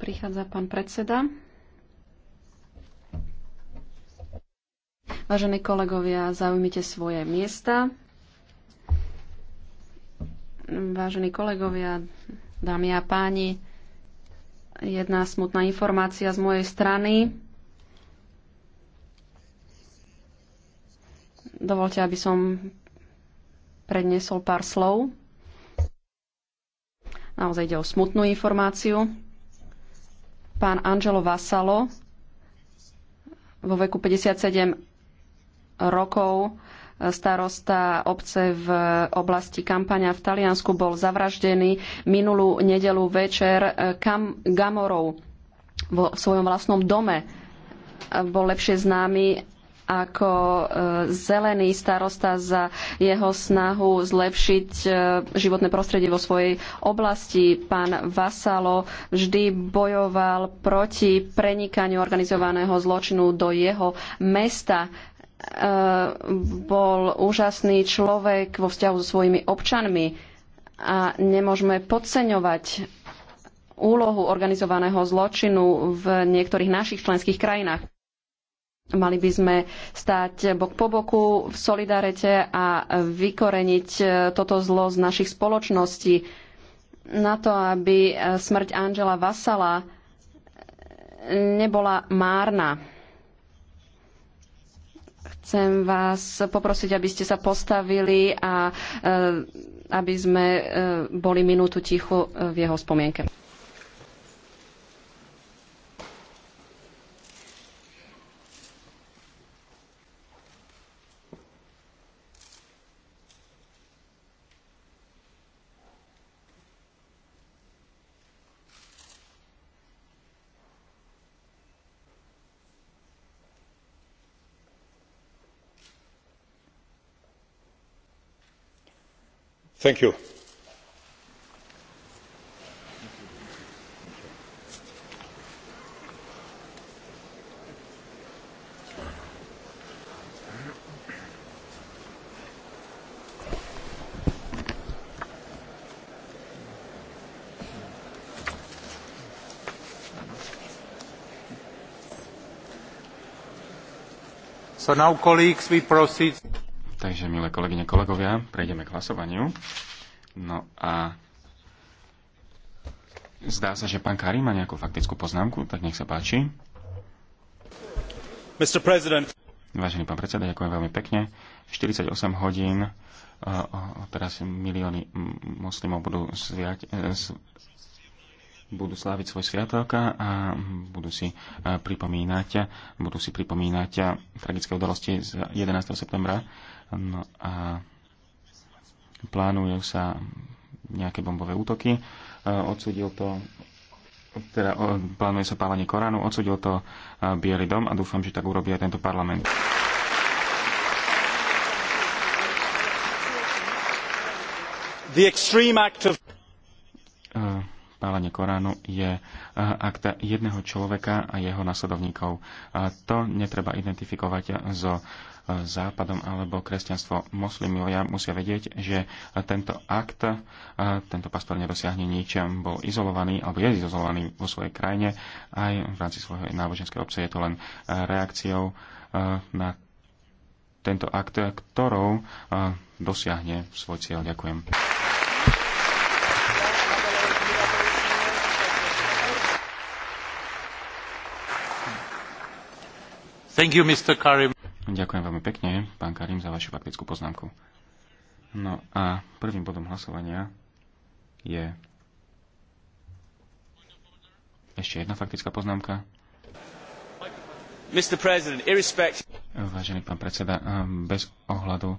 Prichádza pán predseda. Vážení kolegovia, zaujmite svoje miesta. Vážení kolegovia, dámy a páni, jedna smutná informácia z mojej strany. Dovolte, aby som prednesol pár slov Naozaj ide o smutnú informáciu. Pán Angelo Vasalo vo veku 57 rokov starosta obce v oblasti Kampania v Taliansku bol zavraždený minulú nedelu večer kam Gamorov vo svojom vlastnom dome. Bol lepšie známy ako e, zelený starosta za jeho snahu zlepšiť e, životné prostredie vo svojej oblasti. Pán Vasalo vždy bojoval proti prenikaniu organizovaného zločinu do jeho mesta e, bol úžasný človek vo vzťahu so svojimi občanmi a nemôžeme podceňovať úlohu organizovaného zločinu v niektorých našich členských krajinách. Mali by sme stáť bok po boku v solidarite a vykoreniť e, toto zlo z našich spoločností na to, aby e, smrť Angela Vasala e, nebola márna. Chcem vás poprosiť, aby ste sa postavili a aby sme boli minútu tichu v jeho spomienke. thank you. So now, colleagues, we proceed. Takže, milé kolegyne, kolegovia, prejdeme k hlasovaniu. No a zdá sa, že pán Kari má nejakú faktickú poznámku, tak nech sa páči. Mr. President. Vážený pán predseda, ďakujem veľmi pekne. 48 hodín, eh, teraz milióny moslimov budú sviať, eh, budú sláviť svoj sviatok a budú si eh, pripomínať, budú si pripomínať eh, tragické udalosti z 11. septembra. No a plánujú sa nejaké bombové útoky. Eh, odsudil to teda plánuje sa pálenie Koránu, odsudil to Bielý dom a dúfam, že tak urobí aj tento parlament. The extreme act of... Pálenie Koránu je eh, akta jedného človeka a jeho nasledovníkov. To netreba identifikovať so eh, západom alebo kresťanstvo moslimovia musia vedieť, že tento akt, eh, tento pastor nedosiahne nič, bol izolovaný alebo je izolovaný vo svojej krajine aj v rámci svojho náboženskej obce je to len reakciou na tento akt, ktorou dosiahne svoj cieľ. Ďakujem. Thank you, Mr. Karim. Ďakujem veľmi pekne, pán Karim, za vašu faktickú poznámku. No a prvým bodom hlasovania je ešte jedna faktická poznámka. Vážený pán predseda, eh, bez ohľadu eh,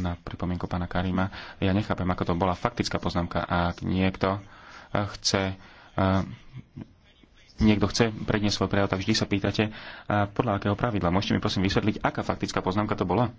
na pripomienku pána Karima, ja nechápem, ako to bola faktická poznámka. Ak niekto eh, chce niekto chce predniesť svoj prejav, tak vždy sa pýtate, podľa akého pravidla. Môžete mi prosím vysvetliť, aká faktická poznámka to bola?